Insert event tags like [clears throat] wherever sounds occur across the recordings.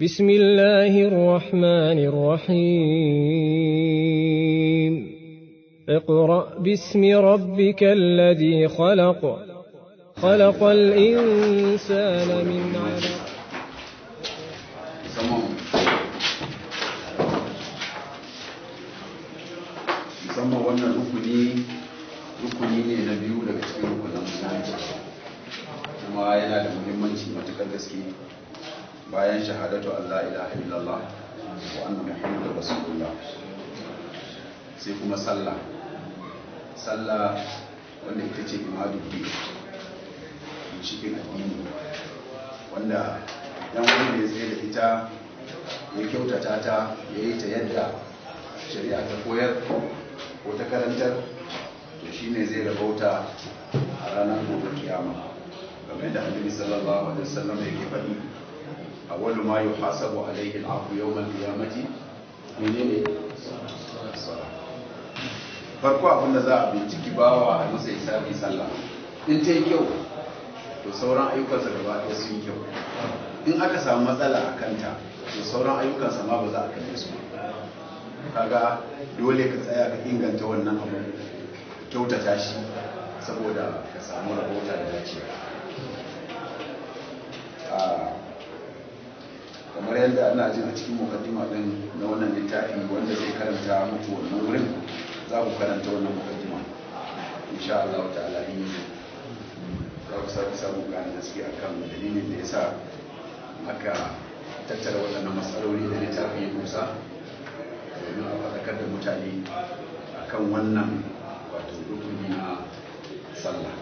بسم الله الرحمن الرحيم اقرأ باسم ربك الذي خلق خلق الإنسان من علق musamman wannan rukuni rukuni ne na biyu daga cikin rukunan kuma yana da muhimmanci matuƙar gaske bayan shahadatu Allah ilaha illallah wa anna muhammadar rasulullah sai kuma sallah sallah wanda ita ce imadu biyu cikin addini wanda 'yan wanda ya tsaye da ita ya kyautata ta ya yi ta yadda shari'a ta koyar ko ta karantar to ne zai rabauta a ranar gobe kiyama game da annabi sallallahu alaihi wasallam yake faɗi awwal ma yuhasabu alayhi al-'abdu yawm al-qiyamati menene farko abin da za a binciki bawa a masa hisabi sallah in ta yi kyau to sauran ayyukansa gaba ɗaya sun kyau in aka samu matsala a kanta to sauran ayyukansa ma ba za a kalle su Ka ga dole ka tsaya ka inganta wannan abu kyautata shi saboda ka samu rahota da dacewa kamar yadda ana jin a cikin mukaddima din na wannan littafi wanda zai karanta muku wannan wurin za ku karanta wannan mukaddima insha Allah ta'ala in za ku sake samun gane gaskiya kan dalilin da ya sa aka tattara waɗannan matsaloli da littafi ya dusa domin a faɗakar da mutane akan wannan wato rukuni na sallah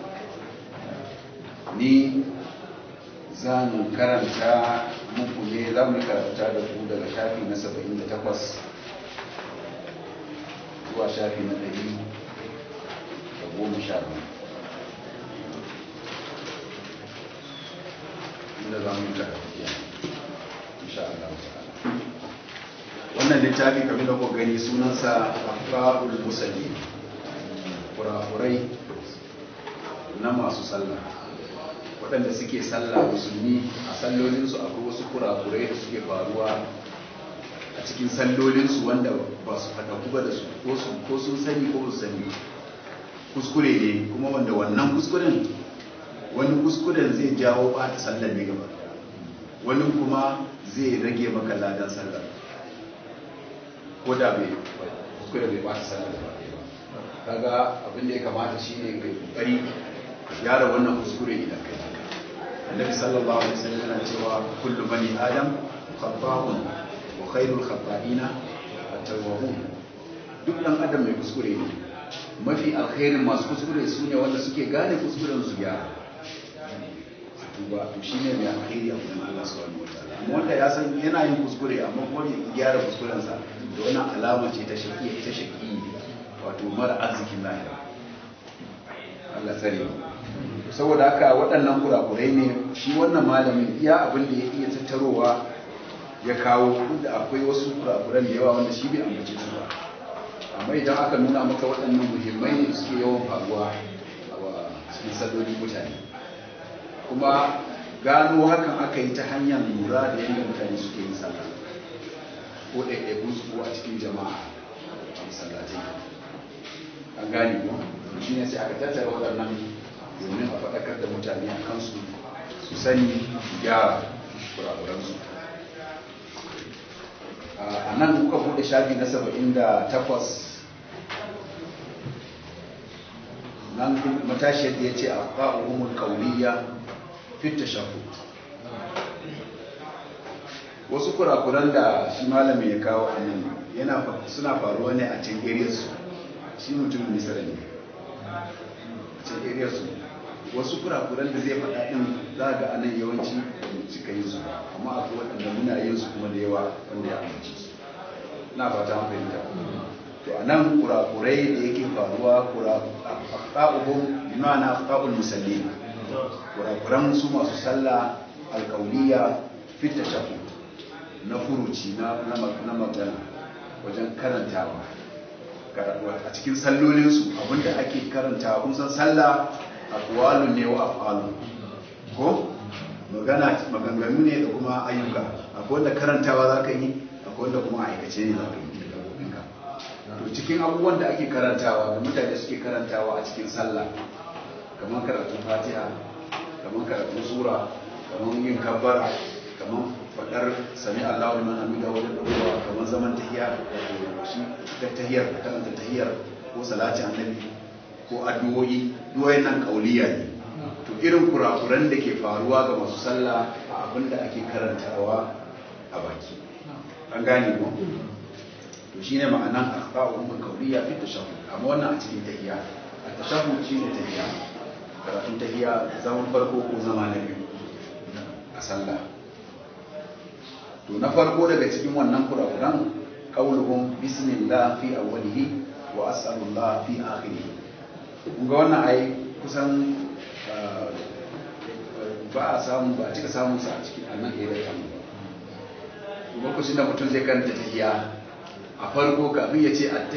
ni za karanta muku ne za mu karanta da ku daga shafi na 78 zuwa shafi na 110 inda za mu yi tafiya insha Allah wannan littafi kamar da ku gani sunansa Afra'ul Musalli kurakurai na masu sallah waɗanda suke sallah musulmi a sallolinsu akwai wasu kurakurai da suke faruwa a cikin sallolinsu wanda ba su fata ba da su ko sun sani ko su sani kuskure ne kuma wanda wannan kuskuren wani kuskuren zai jawo ɓata sallar ne gaba wani kuma zai rage maka ladan sallar ko da bai kuskure bai ɓata sallar ba kaga abin da ya kamata shine kai kokari gyara wannan kuskure idan kai annabi sallallahu alaihi wasallam yana cewa kullu bani adam khata'un wa khairul khata'ina at-tawwabun duk dan adam mai kuskure ne mafi alkhairin masu kuskure su ne wanda suke gane kuskuren su gyara su tuba to shine mai alkhairi a gurin Allah subhanahu wataala amma wanda ya san yana yin kuskure amma kuma bai gyara kuskurensa, sa da wannan alama ce ta shaƙi. ta shaki wato mara arzikin lahira Allah tsare mu saboda haka waɗannan kurakurai ne shi wannan malamin iya abin da ya iya tattarowa ya kawo da akwai wasu kurakuran da yawa wanda shi bai ambace su ba amma idan aka nuna maka waɗannan muhimmai ne suke yawan faruwa a cikin salolin mutane kuma gano hakan aka yi ta hanyar lura da yadda mutane suke yin sallah ko ɗaiɗaikun su ko a cikin jama'a a masallatai an gane ba shi ne sai aka tattara waɗannan domin a faɗakar da mutane a kansu su sani gyara kurakuransu a nan kuka buɗe shafi na saba'in da takwas nan matashiyar da ya ce a ƙa'urumul kauriya fita shafu wasu kurakuran da shi malami ya kawo a nan yana suna faruwa ne a can su shi mutumin misali ne a can su wasu kurakuran da zai faɗa ɗin za ga a nan yawanci da cika yi su amma akwai waɗanda muna yin su kuma da yawa wanda ya amince su na fata an fahimta to a nan kurakurai da yake faruwa kurakurai na afka'ul musalli kurakuran su masu sallah alkauliya fita na furuci na magana wajen ba? a cikin sallolinsu abinda ake karanta kun sallah aqwalu ne wa af'alu ko magana maganganu ne da kuma ayyuka akwai wanda karantawa za ka yi akwai wanda kuma aikace ne za ka yi da gobinka to cikin abubuwan da ake karantawa da mutane suke karantawa a cikin sallah kamar karatun fatiha kamar karatun sura kamar yin kabbara kamar faɗar sami Allah wani mana amida wa kamar zaman tahiya da shi ta tahiyar da tahiyyar tahiyar ko salati annabi ko addu'o'i duwayen nan kauliya ne to irin kurakuran da ke faruwa ga masu sallah a abin da ake karantawa a baki an gane mu to shine ma'anan akhba'u umma kauliya fi tashahhud amma wannan a cikin tahiyya a tashahhud ne tahiyya karatun tahiyya zaman farko ko zama na biyu a sallah to na farko daga cikin wannan kurakuran kauluhum bismillah fi awwalihi wa as'alullah fi akhirih ga wannan ai kusan ah, ba a samu ba cika samun sa a cikin annan da kan ba kusan da mutum zai karanta tahiyya a farko kafin ya ce at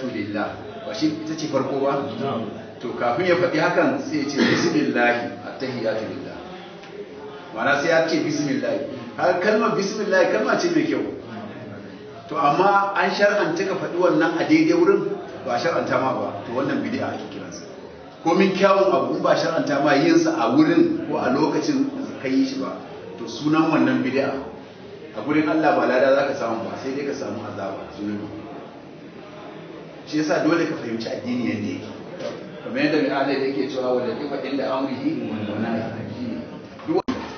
to lillah ba shi ita ce farko ba to kafin ya faɗi hakan sai ya ce bismillahi at to lillah ma'ana sai ya ce bismillahi har kalmar bismillahi kalma ce mai kyau to amma an shar'anta ka faɗi wannan a daidai wurin ba shar'anta ma ba to wannan bid'a ake kiransa komin kyawun abu ba shar'anta ma yin sa a wurin ko a lokacin da ka yi shi ba to sunan wannan bid'a a gurin Allah ba lada zaka samu ba sai dai ka samu azaba sunan shi yasa dole ka fahimci addini yadda yake kamar yadda mai adai yake cewa wadda kifa inda amrihi wa nahi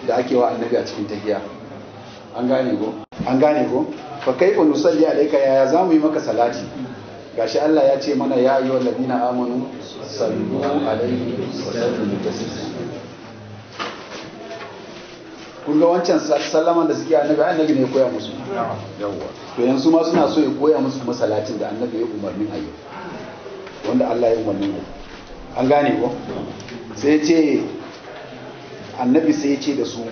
da ake wa annabi a cikin tahiya an gane ko an gane ko fa kaifa nusalli alayka ya za mu yi maka salati gashi Allah ya ce mana ya ayyuhal ladina amanu sallu alaihi wa sallimu taslima kun ga wancan sallama da suke annabi annabi ne koya musu to yanzu ma suna so ya koya musu kuma salatin da annabi ya umarnin ayi wanda Allah ya umarnin ku. an gane ko sai ya ce annabi sai ya ce da su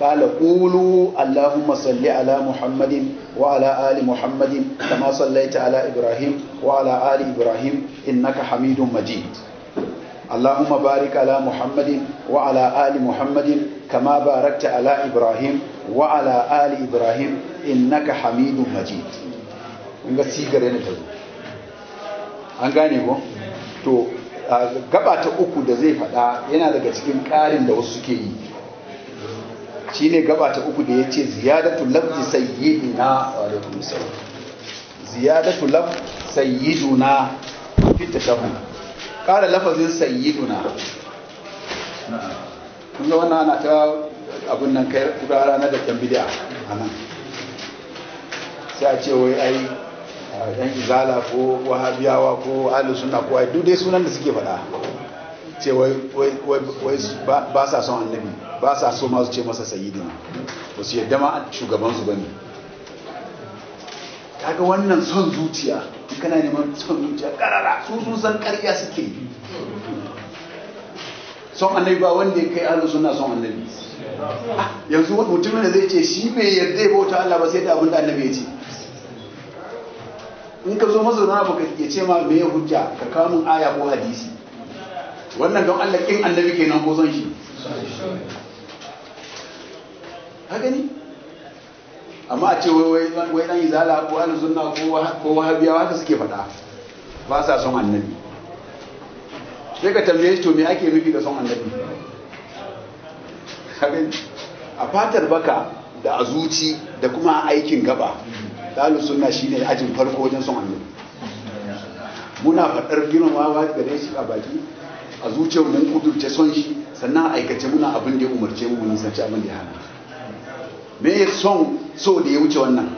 قال قولوا اللهم صل على محمد وعلى آل محمد كما صليت على إبراهيم وعلى آل إبراهيم إنك حميد مجيد اللهم بارك على محمد وعلى آل محمد كما باركت على إبراهيم وعلى آل إبراهيم إنك حميد مجيد ga sigar yana ta an gane ko to gaba ta uku da zai faɗa yana daga cikin ƙarin da wasu suke yi ne gaba ta uku da ya ce ziyadatu lafzi sayyidina wa alaikum salam ziyadatu laf sayyiduna fi tashahhud kara lafazin sayyiduna kun ga wannan ana ta abun nan kai kuka rana da kyan bid'a anan sai a ce wai ai yan izala ko wahabiyawa ko ahlus sunna ko ai duk sunan da suke faɗa ce wai ba sa son annabi ba sa so masu ce masa sayidina ba su yadda ma shugabansu su bane kaga wannan son zuciya kana neman son zuciya karara su sun san karya suke son annabi ba wanda ya kai ahlus sunna son annabi ah, yanzu mutumin da zai ce shi bai yarda ya bauta Allah ba sai da abin da annabi ya ce in ka zo mazauna ba ka ce ma me hujja ka kawo min aya ko hadisi wannan don Allah kin annabi kenan ko son shi ka gani amma a ce wai wai dan izala ko ahlu sunna ko ko wahabiyawa haka suke faɗa ba sa son annabi sai ka tambaye shi to me ake nufi da son annabi ka gani a fatar baka da a zuci da kuma aikin gaba dalu sunna shine ajin farko wajen son annabi muna faɗar girmamawa gare shi a baki a zuciyar mun kudurce son shi sannan a aikace muna abin da ya umarce mu nisanci abin da ya hana me ya son so da ya wuce wannan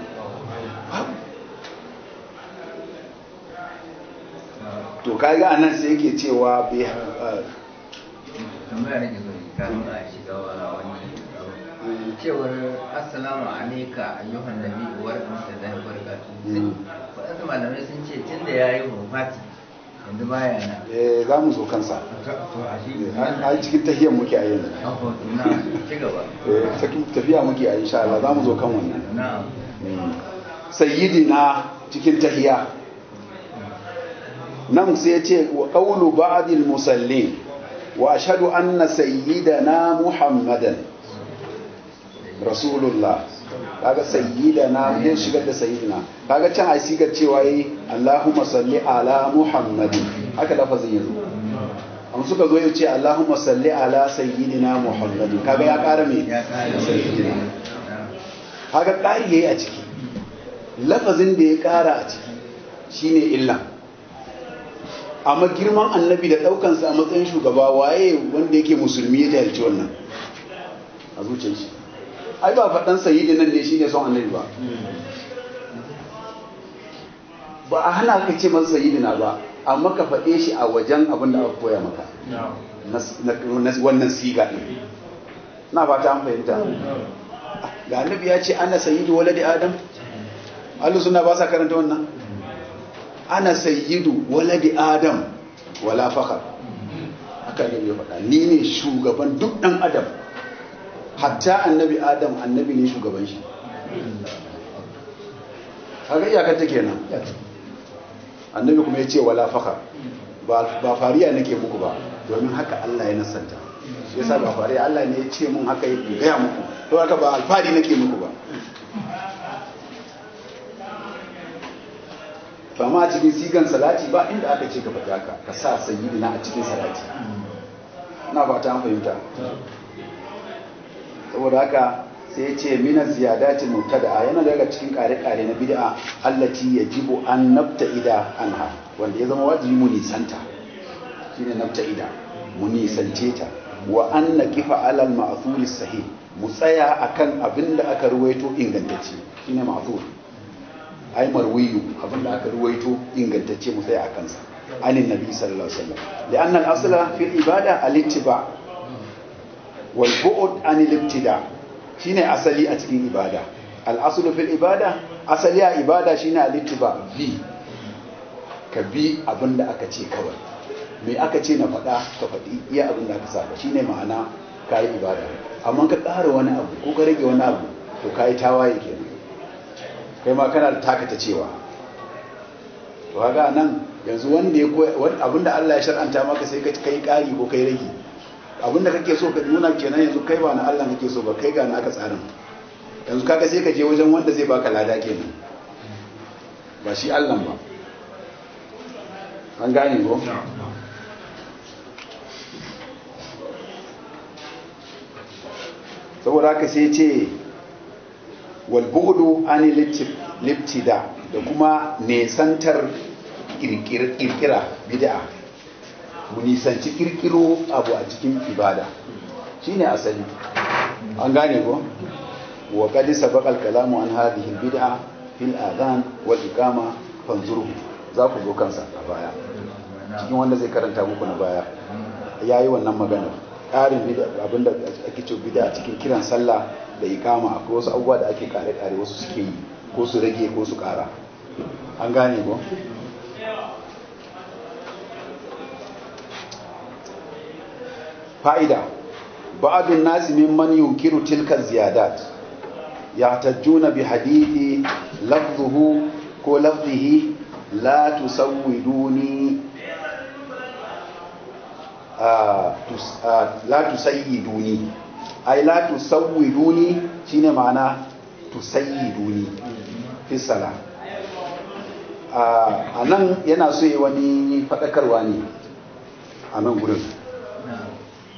to kaga ga nan sai yake cewa bai eh. tambaya nake zo kafin a shiga wani cewar assalamu alaika ayyuhan nabi wa rahmatullahi wa barakatuh hmm. malamai sun ce tunda yayi wafati yanzu eh za mu zo kansa eh, a cikin tafiya muke a yanzu cikin eh, tafiya muke a insha Allah za mu zo kan wannan hmm. sayyidina cikin tahiya nan sai ya ce wa qawlu ba'd musallin wa ashhadu anna sayyidana muhammadan rasulullah kaga sayyidana mun shigar da sayyidina kaga can ai sigar cewa yi Allahumma salli ala Muhammadin haka lafazin yanzu. an suka zo ce Allahumma salli ala sayyidina Muhammadin kaga ya ƙara me sayyidina kaga ƙari yayi a ciki lafazin da ya ƙara a ciki shine illa amma girman annabi da ɗaukansa a matsayin shugaba waye wanda yake musulmi ya jahilci wannan a zuciyar shi ai ba faɗan sayidi nan ne shine son annabi ba ba a hana ka ce masa na ba amma ka faɗe shi a wajen abin da aka koya maka wannan siga ɗin na fata an fahimta ga annabi ya ce ana sayyidu waladi adam Allah suna ba sa karanta wannan ana sayyidu waladi adam wala fakar faɗa ni ne shugaban duk ɗan adam hatta annabi adam annabi ne shugaban shi haka iyakar ta kenan annabi kuma ya ce wala faka ba fariya nake muku ba domin haka Allah ya nasanta ya yasa ba fariya Allah ne ya ce mun haka ya gaya muku to haka ba alfari nake muku ba ba ma a cikin sigan salati ba inda aka ce ka fata ka ka sa na a cikin salati ina fata an fahimta saboda haka sai ya ce mina ziyadati A yana daga cikin kare-kare na bid'a allati yajibu an an anha wanda ya zama wajibi mu nisanta shine ida mu nisance ta wa an kifa alal ma'thuri sahih mu tsaya akan abin da aka ruwaito ingantacce shine ma'thur ai marwiyu abin da aka ruwaito ingantacce mu tsaya akan sa anin nabi sallallahu alaihi wasallam li'anna al-asla fil ibada al-ittiba' wal bu'd an ibtida shine asali a cikin ibada al-aslu fil ibada asali a ibada shine al-ittiba bi ka bi abinda aka ce kawai me aka ce na faɗa ka faɗi iya abin da aka saba shine ma'ana kayi ibada amma ka ƙara wani abu ko ka rage wani abu to kayi tawaye kenan kai ma kana da takata cewa to kaga nan yanzu wanda ya koyi abinda Allah ya shar'anta maka sai ka kai ƙari ko kai rage abin da kake so ka nuna kenan yanzu kai ba na Allah kake so ba kai ga naka tsarin yanzu kaga sai ka je wajen wanda zai baka lada kenan ba shi Allah ba an gane ko saboda ka sai ce walbudu an liptida da kuma nesantar kirkira bid'a mu nisanci kirkiro abu a cikin ibada shine asali an gane ko wa qad sabaqa kalamu an hadhihi al-bid'a fil adhan wal iqama fanzuru za ku zo kansa a baya cikin wanda zai karanta muku na baya Ya yi wannan magana. ƙarin abinda ake ce bid'a a cikin kiran sallah da iqama akwai wasu abubuwa da ake kare kare wasu suke yi ko su rage ko su ƙara an gane ko fa'ida ba'adun nasi mimman yunkiru tilka ziyadat na bi hadithi lafzuhu ko lafzihi la tusawwiduni la duni, ai la tusawwiduni shine ma'ana tusayyiduni fi salam a nan yana so yi wani faɗakarwa ne a nan gurin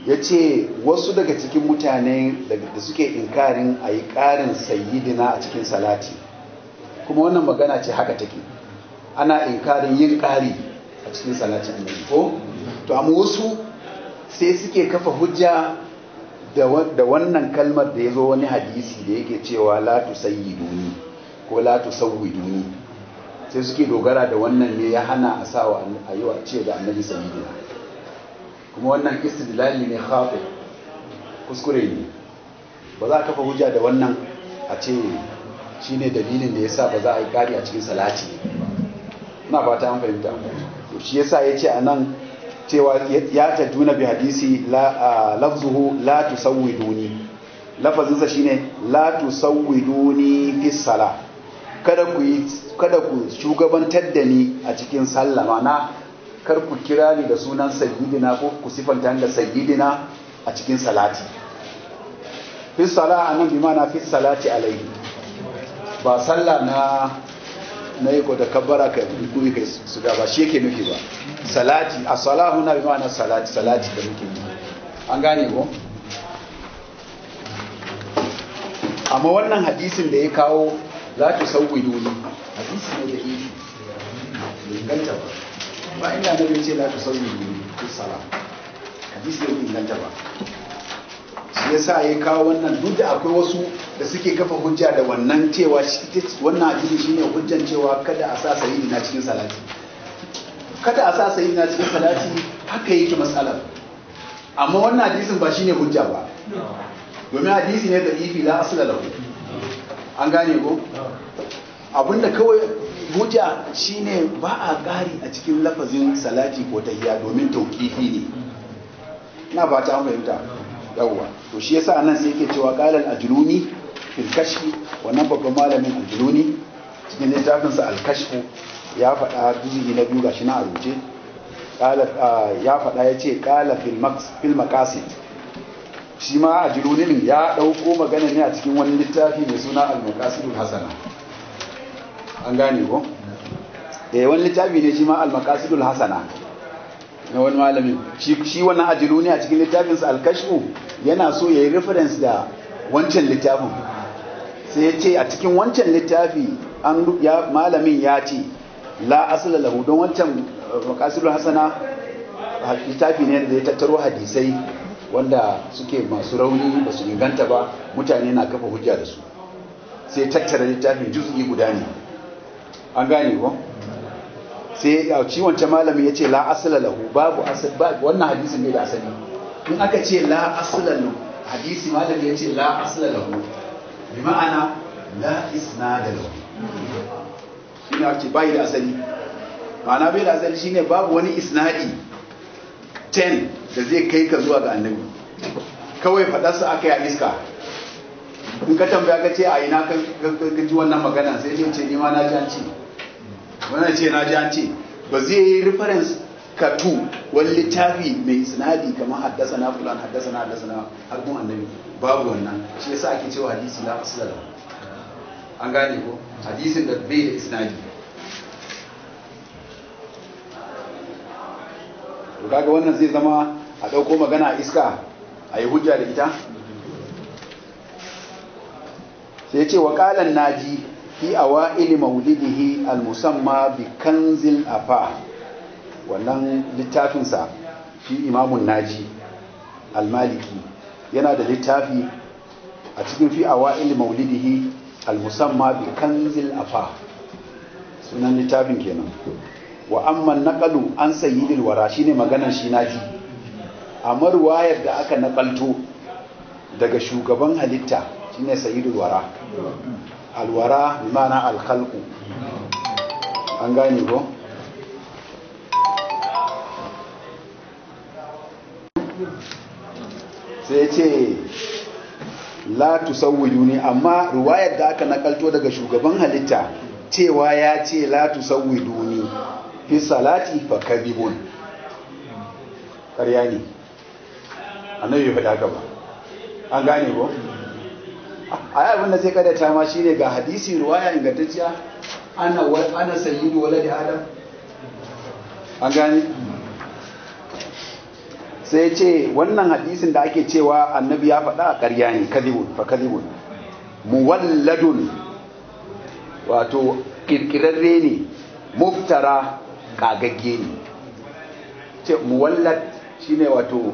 ya ce wasu daga cikin mutane da suke inkarin a yi ƙarin sayyidina a cikin salati kuma wannan magana ce haka take ana inkarin yin kari a cikin salati ne ko to amma wasu sai suke kafa hujja da wannan kalmar da ya zo wani hadisi da yake cewa la duni ko la duni, sai suke dogara da wannan ne ya hana a sawa a yi wa ce da annabi sayyidina kuma wannan istidlali ne khati kuskure ne ba za a kafa hujja da wannan a ce shine dalilin da yasa ba za a yi kari a cikin salati ina ba ta an fahimta shi yasa yace anan cewa ya ta duna bi hadisi la lafzuhu la tusawwiduni lafazinsa shine la tusawwiduni fi sala kada ku kada ku shugabantar da ni a cikin sallama na. kar ku kira ni da sunan sayyidina ko ku sifanta da sayyidina a cikin salati fi sala anan bi mana fi salati alayhi ba sallah na na yi da kabbara ka yi kai su ba shi yake nufi ba salati a salahu na bi mana salati salati da muke yi an gane ko amma wannan hadisin da ya kawo za ki sauwi duni hadisi ne da iri inganta ba ba inda na bai ce la tusalli bi sala hadisi bai inganta ba shi yasa ya kawo wannan duk da akwai wasu da suke kafa hujja da wannan cewa wannan hadisi shine hujjan cewa kada a sa sayyidi na cikin salati kada a sa sayyidi na cikin salati haka yake matsalar amma wannan hadisin ba shine hujja ba domin hadisi ne da ifi la asla lahu an gane ko abinda kawai hujja shine ba a ƙari a cikin lafazin salati ko tahiyya domin tauƙifi ne na ba ta fahimta yawwa to shi yasa nan sai yake cewa qalal ajluni fil kashfi wannan babban malamin ajluni cikin littafin sa al kashfu ya faɗa juzu'i na biyu gashi na a rubuce ya faɗa ya ce qala fil maqasid shi ma ajluni ya ɗauko magana ne a cikin wani littafi mai suna al maqasidul hasana an gane ko eh wani littafi ne shi ma al-maqasidul hasana na wani malami shi wannan ajilu ne a cikin littafinsa al-kashfu yana so yayi reference da wancan littafin sai ya ce a cikin wancan littafi an ya malamin ya ce la asla lahu don wancan eh, maqasidul hasana ah, littafi ne da ya tattaro hadisai wanda suke masu rauni ba su inganta ba mutane na kafa hujja da su sai tattara littafin juzu'i guda ne an gane ko sai a ciwon ta malami ya ce la asala lahu babu asal wannan hadisin ne da asali in aka ce la asala lahu hadisi malami ya ce la asala lahu bi ma'ana la isnada lahu ina ce bai da asali ma'ana bai da asali shine babu wani isnadi 10 da zai kai ka zuwa ga annabi kawai fadarsa aka yi iska in ka tambaya ka ce a ina ka ji wannan magana sai ne ce ni ma na ji an ce wani ce na ji an ce ba zai yi reference ka tu wani littafi mai sinadi kamar haddasa na fulan haddasa na haddasa na haddun annabi babu wannan shi yasa ake cewa hadisi la asla da an gane ko hadisin da bai da isnadi to kaga wannan zai zama a dauko magana a iska a yi hujja da ita sai ce wa kalan naji fi awa'il maulidihi al-musamma bi kanzil afa wannan littafinsa shi imamun naji al-maliki yana da littafi a cikin fi awa'il maulidihi al-musamma bi kanzil afa sunan littafin kenan wa amma naqalu an sayyidil wara shine maganar shi naji amma ruwayar da aka nakalto daga shugaban halitta shine sayyidul wara alwara bi ma'ana an gane ko sai ce la tusawwiju ne amma ruwayar da aka nakalto daga shugaban halitta cewa ya ce la tusawwiju duni, fi salati fa kadibun ƙarya ne annabi ya faɗa ka ba an gane ko a yi abinda zai kadata ma ne ga hadisi ruwaya ingantacciya ana ana sayyidu da adam an gani sai ce wannan hadisin da ake cewa annabi ya faɗa a ƙarya ne kalibun fa kadhibun muwalladun wato kirkirarre ne muftara kagagge ne ce muwallad shine wato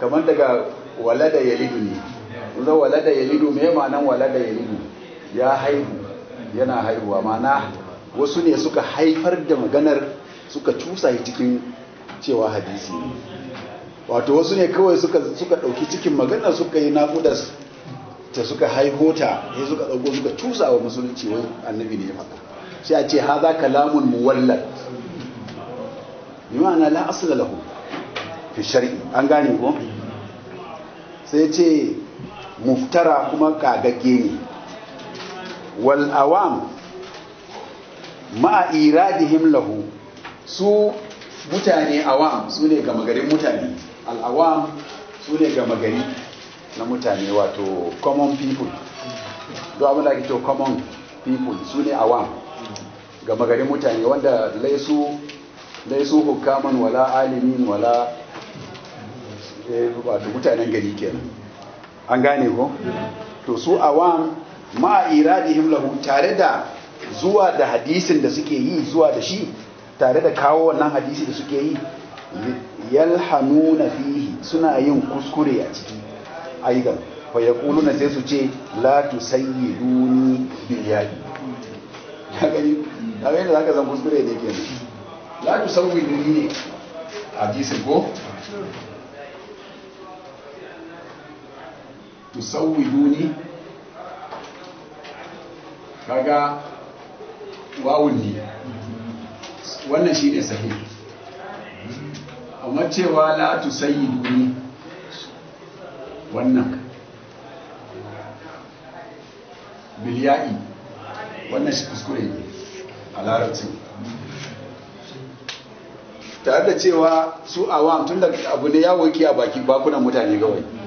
kamar daga walada yalidu ne da walada yalidu me ma'anan walada yalidu ya haihu yana haihuwa mana wasu ne suka haifar da maganar suka cusa cikin cewa hadisi ne wato wasu ne kawai suka ɗauki cikin maganar suka yi naƙudas ta suka haihu ta ya suka ɗauko suka cusa wa musulunci wai annabi ne ya faɗa sai a ce ha za kalamun muwallad bi ma'ana la asla lahu fi shar'i an gane ko sai ce muftara kuma kagagge ne wal awam ma'a iradihim lahu su mutane awam su ne gama garin mutane awam su ne gama gari na mutane wato common people do abin da ke to common people su ne awam gama garin mutane wanda laisu laisu hukaman wala alimin wala eh, wato mutanen gari kenan an gane ko to su awam ma iradihim lahu tare da zuwa da hadisin da suke yi zuwa da shi tare da kawo wannan hadisi da suke yi yalhanuna fihi suna yin kuskure a ciki aigan fa na sai su ce la tusayyiduni bil yadi kagani kagani da zaka zan kuskure ne kenan la tusayyiduni ne hadisin ko tusawwiduni kaga wawun ne wannan shi ne sahi amma cewa la tusayyiduni wannan biliyai wannan shi kuskure ne a larabci tare da cewa su awam tun da abu ne ya woki a baki bakunan mutane gawai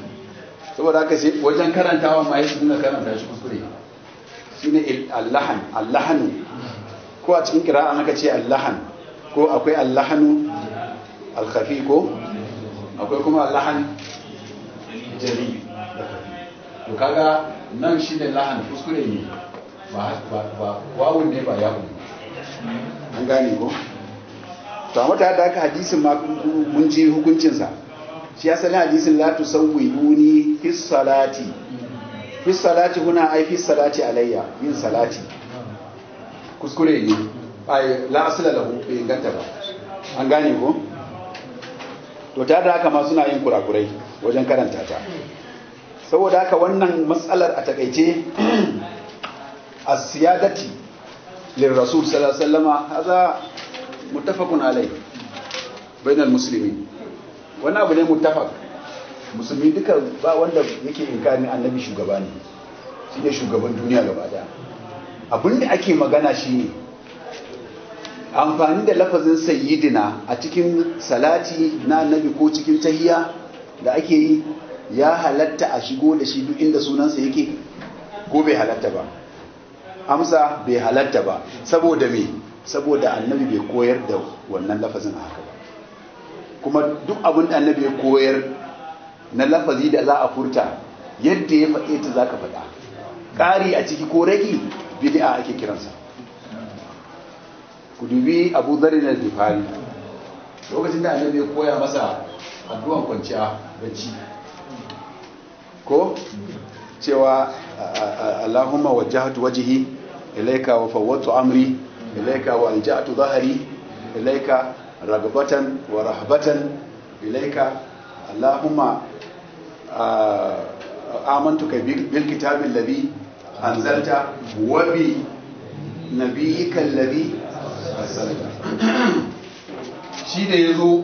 saboda haka sai wajen karantawa ma yi suna karanta shi kuskure shi ne allahan allahanu ko a cikin kira an haka ce allahan ko akwai allahanu alkhafi ko akwai kuma allahan jari to kaga nan shi ne lahan kuskure ne ba wawun ne ba yawun an gane ko to a mata da aka hadisin ma mun ji hukuncinsa shi sani hadisin la duni fi salati fi salati huna ai fi salati alayya yin salati kuskure ne ai la asla lahu bai inganta ba an gane ko to ta da haka ma suna yin kurakurai wajen karanta ta saboda haka wannan matsalar a takaice [clears throat] as-siyadati rasul sallallahu alaihi wasallama hadha muttafaqun alayhi bainal muslimin wani abu ne mutafak musulmi duka ba wanda yake inkarin annabi shugaba ne shi ne shugaban duniya gaba abin da ake magana shi ne amfani da lafazin sayyidina a cikin salati na annabi ko cikin tahiya da ake yi ya halatta a shigo da shi duk inda sunansa yake ko bai halatta ba amsa bai halatta ba saboda me saboda annabi bai koyar da wannan lafazin a haka kuma duk abin da annabi ya koyar na lafazi da za a furta yadda ya faɗe ta za ka faɗa ƙari a ciki ko ragi bid'a ake kiransa ku dubi abu zari na zifari lokacin da annabi ya koya masa addu'an kwanciya bacci ko cewa allahumma wajjahtu wajhi ilaika wa fawwadtu amri ilaika wa alja'tu zahari ilaika ragbatan wa rahbatan ilaika allahumma amantuka bil kitabil ladhi anzalta wa bi nabiyyika alladhi arsalta [clears throat] shi da ya yazo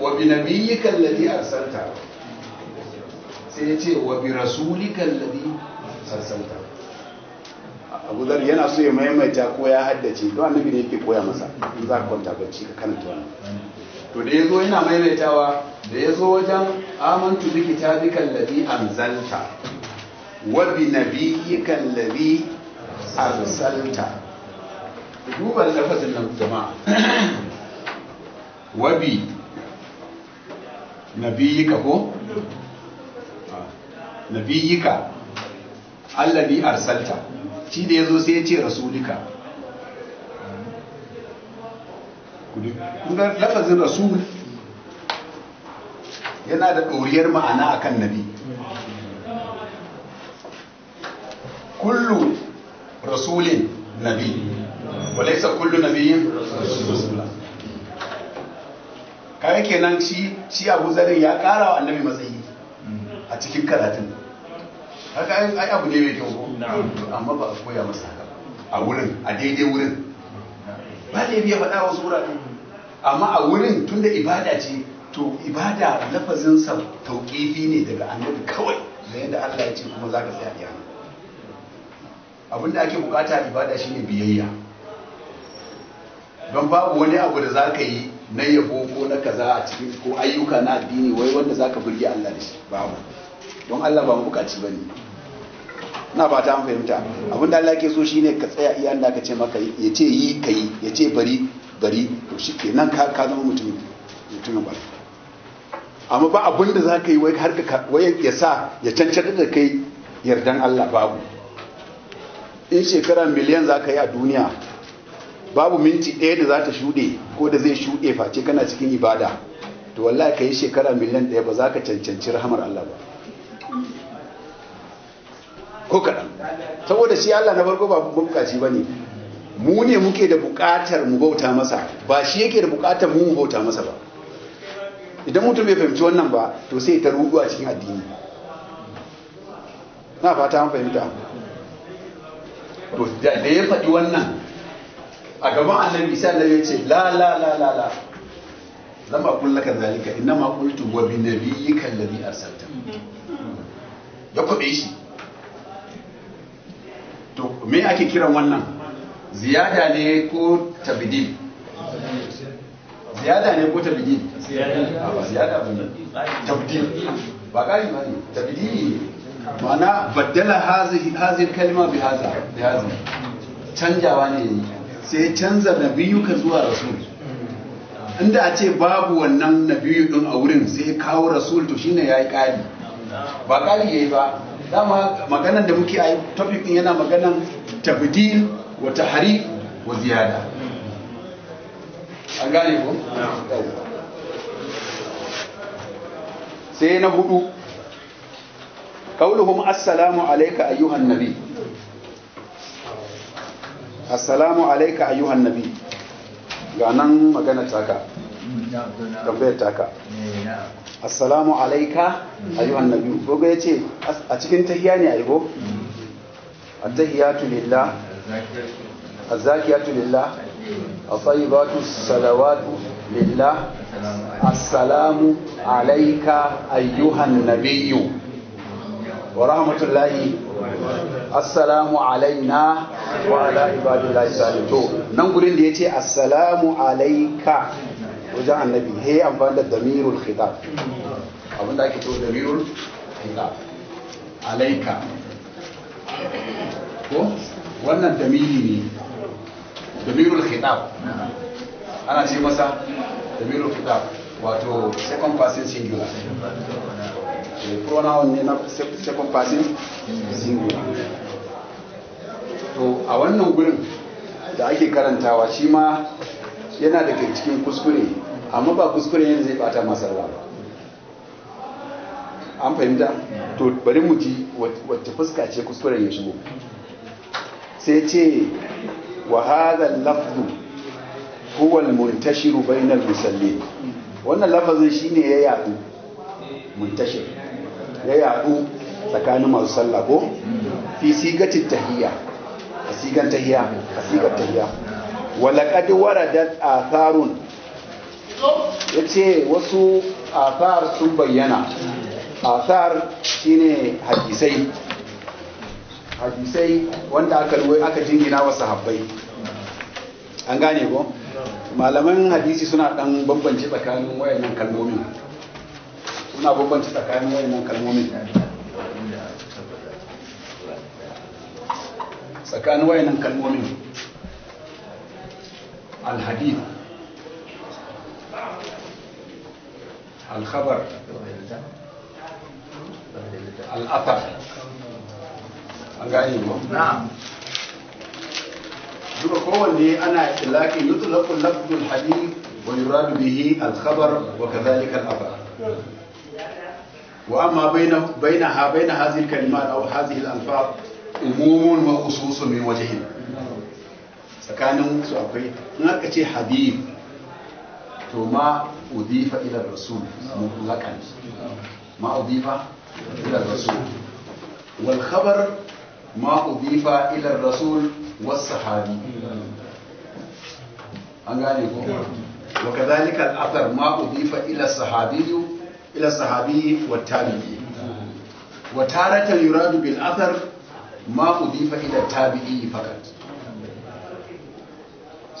wa bi nabiyyika alladhi arsalta sai ya ce wa bi rasulika alladhi arsalta abu zar yana so ya maimaita ko ya haddace don annabi ne yake koya masa in za ka kwanta bacci ka kana wannan to da ya zo yana maimaitawa da ya zo wajen amantu bi kitabikan ladhi anzalta wa bi nabiyyikan ladhi arsalta duba lafazin nan jama'a [clears throat] wa bi nabiyyika ko ah, nabiyyika allabi arsalta shi da ya zo sai ya ce rasulika kuga lafazin rasul yana da ɗoriyar ma'ana a kan nabi kullu rasulin nabi walaisa kullu nabiyin rasula kayan kenan shi abu zarin ya ƙara wa annabi matsayi a cikin karatun haka ai abu ne mai kyau ko amma ba a koya masa haka a wurin a daidai wurin ba da ya faɗa wasu wurare. amma a wurin tunda ibada ce to ibada sa tauƙifi ne daga annabi kawai da yadda Allah ya ce kuma za ka tsaya iya abinda ake bukata ibada shine biyayya don babu wani abu da za ka yi na yabo ko na kaza a cikin ko ayyuka na addini wai wanda za ka burge Allah da shi babu don Allah ba mu bukaci ba ne na ba ta fahimta abin da Allah ke so shine ka tsaya iya Allah ka ce maka ya ce yi ka yi ya ce bari bari to shi ke nan ka zama mutum mutumin ba amma ba abin da za ka yi wai har ka wai ya sa ya cancanta da kai yardan Allah babu in shekara miliyan za ka yi a duniya babu minti ɗaya da za ta shuɗe ko da zai shuɗe face kana cikin ibada to wallahi ka yi shekara miliyan ɗaya ba za ka cancanci rahamar Allah ba ko kaɗan saboda shi Allah na farko ba bukaci ba ne mu ne muke da bukatar mu bauta masa ba shi yake da bukatar mu mu bauta masa ba idan mutum bai fahimci wannan ba to sai ta rudu a cikin addini na fata an fahimta to da ya faɗi wannan a gaban annabi isa da ya ce la la la la la zama laka zalika inna ma qultu wa bi nabiyyika alladhi arsalta ya kuɗe shi to me ake kiran wannan ziyada ne ko tabidi ziyada ne ko tabidi ziyada ba ne tabidi ba gari ba ne tabdil ma'ana baddala hazin kalma bi haza bi haza canjawa ne sai canza ka zuwa rasul inda a ce babu wannan nabiyu din a wurin sai kawo rasul to shine yayi kari ba kari yayi ba dama maganan da muke a topic din yana maganan tabdil wa tahrif wa ziyada an gane ko sai na hudu kauluhum assalamu alayka ayyuhan nabi assalamu alayka ayyuhan nabi ga nan magana taka tambayar taka eh, assalamu alaika ayyuhan nabi ya yace a cikin tahiyya ne a at-tahiyatu lillah az-zakiyatu lillah at-tayyibatu salawatu lillah assalamu alaika ayyuhan nabiyyu wa rahmatullahi assalamu alaina wa ala ibadillahi salihin to nan gurin da yace assalamu alaika wajen annabi he amfani da damirul khitab abinda ake so damirul khitab alaika ko wannan damiri ne damirul khitab ana ce masa damirul khitab wato second person singular eh, pronoun ne na second person singular to a wannan gurin da ake karantawa shi ma yana da cikin kuskure amma ba kuskure yanzu zai bata masa ba an fahimta to bari mu ji wacce fuska ce kuskuren ya shigo sai ce wa hadha lafzu huwa al-muntashiru bainal musalli wannan lafazin shine ya yadu muntashir ya yadu tsakanin masu sallah ko fi sigatit tahiyya a sigan tahiyya a sigar tahiyya walakad waradat atharun yace wasu athar sun bayyana athar shine hadisai hadisai wanda aka ruwai aka jingina wa sahabbai an gane ko malaman hadisi suna dan bambance tsakanin wayannan kalmomin suna bambance tsakanin wayannan kalmomin tsakanin wayannan kalmomin الحديث الخبر الأثر نعم شوف هو اللي أنا لكن يطلق لفظ الحديث ويراد به الخبر وكذلك الأثر وأما بين بينها بين هذه الكلمات أو هذه الألفاظ أمور وخصوص من وجهين سكانه موسو أكوي حديث ثم أضيف إلى الرسول مطلقا ما أضيف إلى الرسول والخبر ما أضيف إلى الرسول والصحابي أنقاله وكذلك الأثر ما أضيف إلى الصحابي إلى الصحابي والتابعي وتارة يراد بالأثر ما أضيف إلى التابعي فقط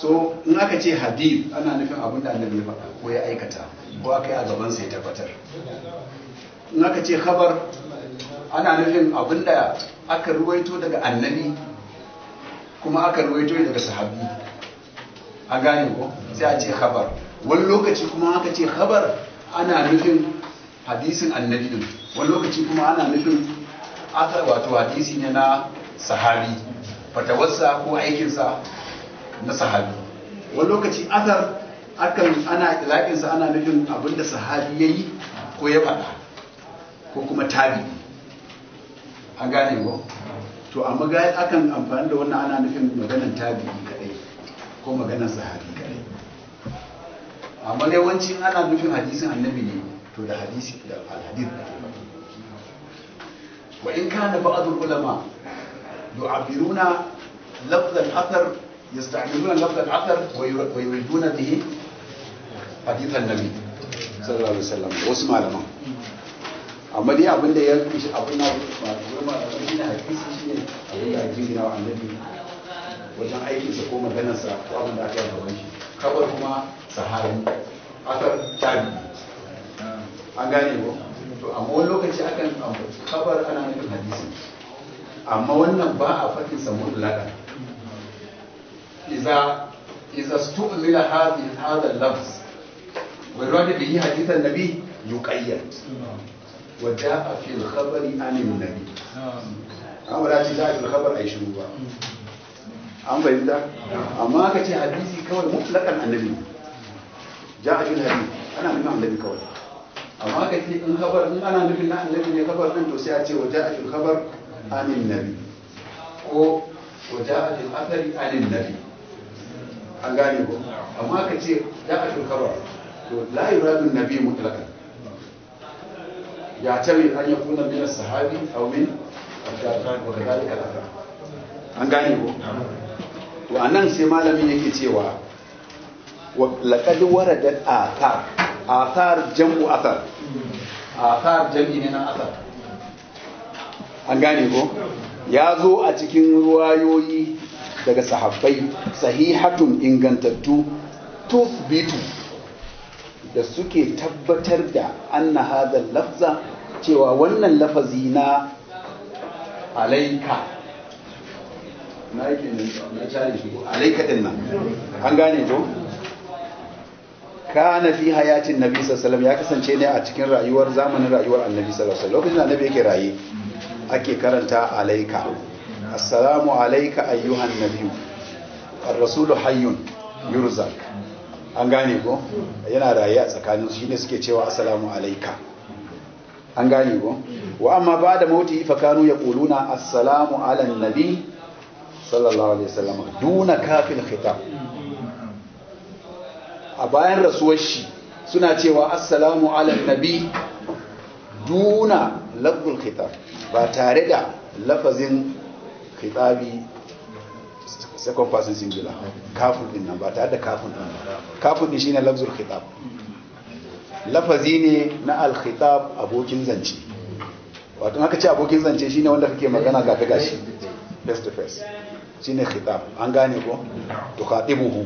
so in aka ce hadith ana nufin abin da annabi ya faɗa ko ya aikata ko aka yi a gaban sai tabbatar in aka ce khabar ana nufin abin da aka ruwaito daga annabi kuma aka ruwaito daga sahabi a gane ko sai a ce khabar wani lokaci kuma aka ce khabar ana nufin hadisin annabi din wani lokaci kuma ana nufin aka wato hadisi ne na sahabi fatawarsa ko aikinsa na sahabi wani lokaci azar akan ana laƙinsa ana nufin abinda sahabi ya yi ko ya faɗa ko kuma tabi a gane ba to amma ga akan amfani da wannan ana nufin maganan tabi kadai ko maganan sahabi kadai amma yawancin ana nufin hadisin annabi ne to da hadisi da alhadith da wa in kana ba'd ulama yu'abbiruna lafz al-athar يستعملون لفظ العثر ويريدون به حديث النبي صلى الله عليه وسلم wasu malaman amma dai abin da ya rushe abin na shi ne hadisi shi ne abin da ake gina wa annabi wajen aikinsa ko maganarsa ko abin da aka yi gaban shi kabar kuma sahabi akar tabi an gane ko to amma wani lokaci akan kabar ana nufin hadisi amma wannan ba a fakin samun ladan إذا إذا استؤمن هذه هذا اللفظ والرد به حديث النبي يقيد وجاء في الخبر عن النبي أو لا جاء في الخبر أي شنو أم بيمدا أما كتير حديث كوي مطلقا عن النبي جاء في الحديث أنا من النبي كوي أما كتير إن خبر إن أنا نبي لا النبي يخبر أن تسيأتي وجاء في الخبر عن النبي أو وجاء في الأثر عن النبي an gane ko amma ka ce da a ba to la yuradun nabi mutlaqan ya tawi an kunna min as-sahabi aw min al-tabi'in an gane ko to anan sai malamin yake cewa laqad waradat athar athar jam'u athar athar jam'i ne na athar an gane ko ya zo a cikin ruwayoyi daga sahabbai sahihatun ingantattu tuthbitu da suke tabbatar da anna hadal lafza cewa wannan lafazi na alaika na yake na cari shi alaika din nan an gane to kana fi hayatin nabi sallallahu alaihi ya kasance ne a cikin rayuwar zamanin rayuwar annabi sallallahu alaihi lokacin da annabi yake raye ake karanta alaika assalamu alaika ayyuhan nabiyu ar-rasulu hayyun yurzak an gane ko yana raye a tsakanin su shine suke cewa assalamu alaika an gane ko wa amma ba da mauti fa kanu yaquluna assalamu ala nabi sallallahu alaihi wasallam duna kafil khitab a bayan rasuwar shi suna cewa assalamu ala nabi duna lafzul khitab ba tare da lafazin khitabi second person singular kafin din nan ba tare da kafin din kafin din shine lafzul khitab lafazi ne na al-khitab abokin zance wato aka ce abokin zance shine wanda kake magana ga ta gashi face to face shine khitab an gane ko to khatibuhu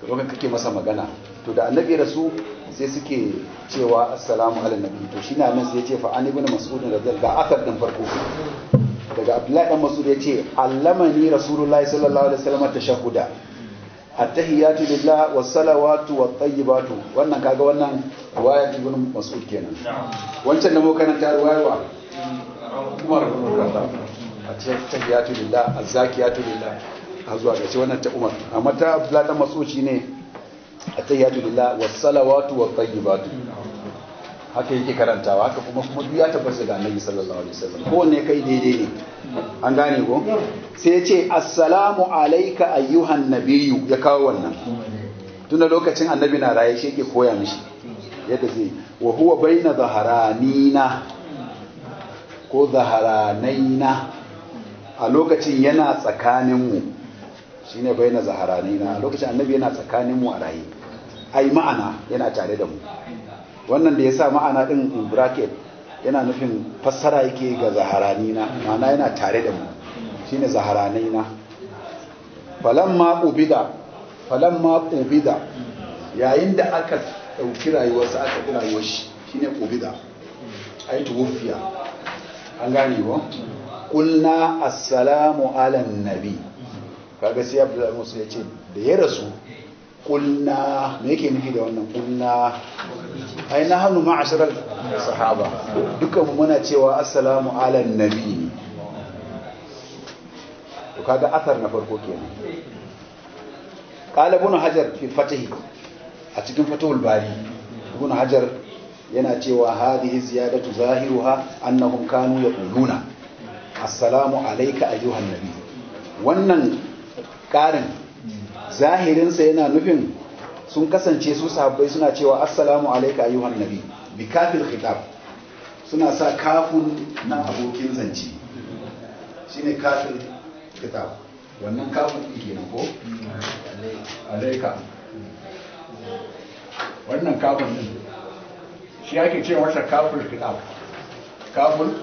to lokacin kake masa magana to da annabi rasu sai suke cewa assalamu alannabi to shine nan sai ya ce fa an ibn mas'ud radiyallahu da akad din farko daga abdullahi dan masud ya ce allamani rasulullahi sallallahu alaihi wasallam tashahuda at-tahiyatu lillah was salawatu wat tayyibatu wannan kaga wannan ta gurin masud kenan wancan da mu karanta riwayarwa Umar ibn Khattab at-tahiyatu lillah az-zakiyatu lillah azwa zuwa ce wannan ta Umar amma ta abdullahi dan masud shine at-tahiyatu lillah was salawatu wat tayyibatu haka yake karantawa haka kuma kuma duk ya tabbata ga annabi sallallahu alaihi wasallam kowanne kai daidai ne an gane ko sai ya ce assalamu alayka ayyuhan nabiyyu ya kawo wannan tunda lokacin annabi na raye shi yake koya mishi yadda zai wa huwa baina zaharanina ko zaharanaina a lokacin yana tsakanin mu shine baina zaharanina a lokacin annabi yana tsakanin mu a raye ai ma'ana yana tare da mu wannan da ya sa ma'ana ɗin in bracket yana nufin fassara yake ga na. ma'ana yana tare da mu shi ne zaharanina falamma ubida falamma ubida yayin da aka ɗauki rayuwarsa aka ɗi rayuwar shi shi ne ƙubida a yi tuwufiya an gane ba ƙulna assalamu alan nabi kaga sai abdullahi musu ya ce da ya rasu kulna me yake nufi da wannan kulna ai na hannu ma'asharar sahaba dukkan muna cewa assalamu ala nabi to kaga athar na farko kenan qala ibn hajar fi fatihi a cikin fatahul bari ibn hajar yana cewa hadhihi ziyadatu zahiruha annahum kanu yaquluna assalamu alayka ayyuhan nabi wannan karin zahirinsa yana nufin sun kasance su sahabbai suna cewa assalamu alaika ayyuhan nabi bi kafil khitab suna sa kafun na abokin zance shine kafil khitab wannan kafin ke kenan ko alaika wannan kafin ne shi ake ce masa kafin khitab kafin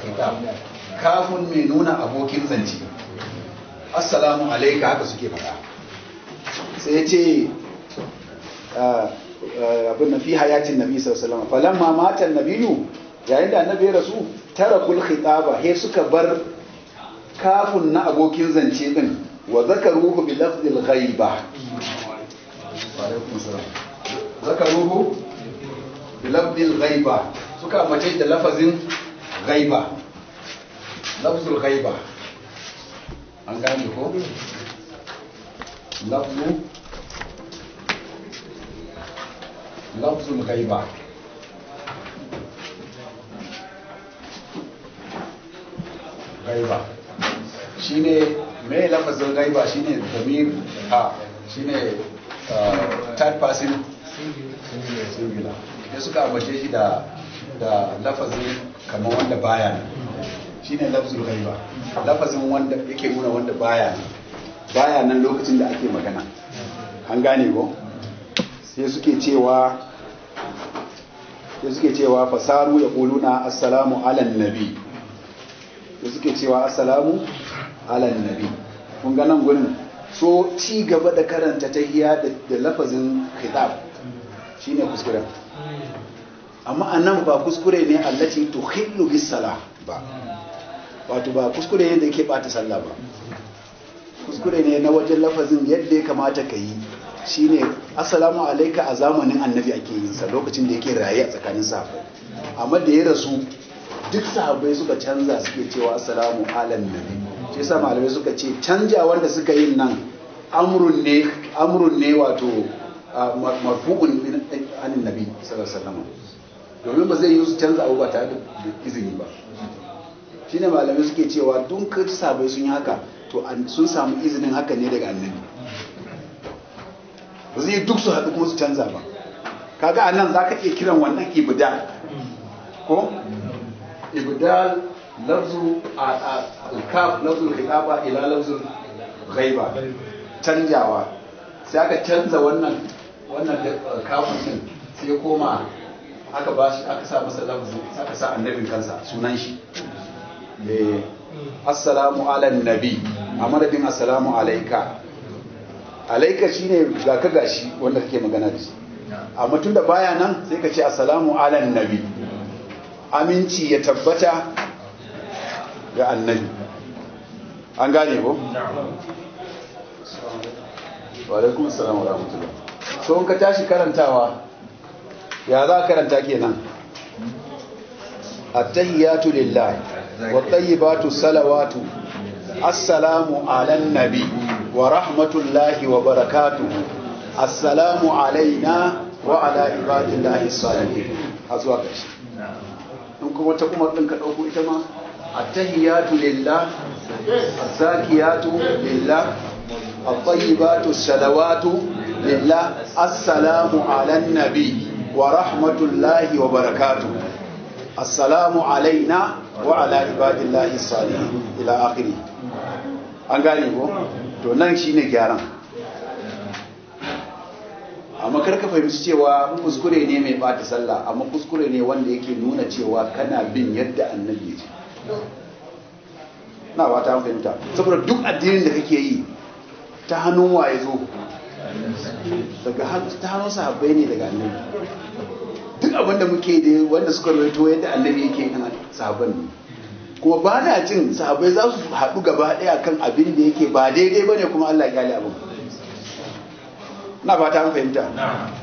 khitab kafin mai nuna abokin zance assalamu alaika haka suke faɗa sai ya ce ah, ah, abin na fi hayatin nabi sallallahu alaihi wasallam nabiyu yayin da annabi ya rasu tarakul khitaba he suka bar kafin na abokin zance din wa zakaruhu bi lafzil ghaiba zakaruhu bi lafzil ghaiba suka mace da lafazin ghaiba lafzul ghaiba an gane ko lafzu lafzul gaiba gaiba shine mai lafazin gaiba shine damir ha shine uh, third person singular da suka ambace shi da da lafazin wanda baya ne shine lafzul gaiba lafazin wanda yake nuna wanda baya ne baya nan lokacin da ake magana an gane ko sai suke cewa sai suke cewa fasaru ya kuluna assalamu ala nabi sai suke cewa assalamu ala nabi kun ga nan gurin so ci gaba da karanta ta hiya da lafazin khitab shine kuskuren amma annan ba kuskure ne allati tuhillu bis sala ba wato ba kuskure ne da yake bata sallah ba kuskure ne na wajen lafazin yadda ya kamata ka yi shine asalamu alaika a zamanin annabi ake yin sa lokacin da yake raye a tsakanin sahabbai amma da ya rasu duk sahabbai suka canza suke cewa asalamu alan nabi shi yasa malamai suka ce canja wanda suka yin nan amrun ne amrun ne wato marfu'un min anin sallallahu alaihi wasallam domin ba zai yi su canza abu ba tare da izini ba shine malamai suke cewa dun kai sahabbai sun yi haka to sun samu izinin haka ne daga annabi ba zai duk su haɗu kuma su canza ba kaga a nan za ka iya kiran wannan ibidal ko ibidal lafzu alkaf lafzu ba ila lafzu ghaiba canjawa sai aka canza wannan wannan kafin din sai koma aka ba shi aka sa masa lafzu aka sa annabin kansa sunan shi assalamu ala nabi a madadin assalamu alaika alaika shi ne ga ka gashi wanda kake magana da shi A mutum da baya nan sai ka ce assalamu ala nabi aminci ya tabbata ga annabi an gane ko wa alaikum assalam wa so in ka tashi karantawa ya za karanta kenan a tahiyatu lillahi والطيبات الصلوات السلام على النبي ورحمة الله وبركاته السلام علينا وعلى عباد الله الصالحين هذا كشي in kuma ta kuma ɗin ka ɗauko ita ma attahiyatu lillah azzakiyatu lillah at-tayyibatu salawatu nabi wa rahmatullahi wa barakatuh alaina wa ala ibadillahi salihin ila akhiri an gane ko to nan shine gyaran amma kar fahimci cewa kuskure ne mai bata sallah amma kuskure ne wanda yake nuna cewa kana bin yadda annabi ya ce na ba ta fahimta saboda duk addinin da kake yi ta hannun waye zo daga ta hannun sahabbai ne daga annabi duk abin da muke da wanda suka rawaito yadda annabi yake yin sahabban ne kuma ba na jin sahabbai za su haɗu gaba ɗaya kan abin da yake ba daidai ba ne kuma Allah ya kyale abin na fata an fahimta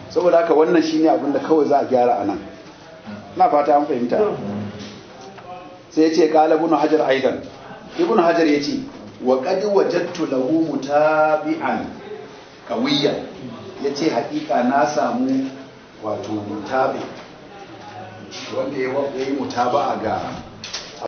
saboda haka wannan ne abin da kawai za a gyara a nan na fata an fahimta sai ya ce kala ibn hajar aidan ibn hajar ya ce wa qad wajadtu lahu mutabi'an ya ce haƙiƙa na samu wato mutabi wanda ya yi mutaba ga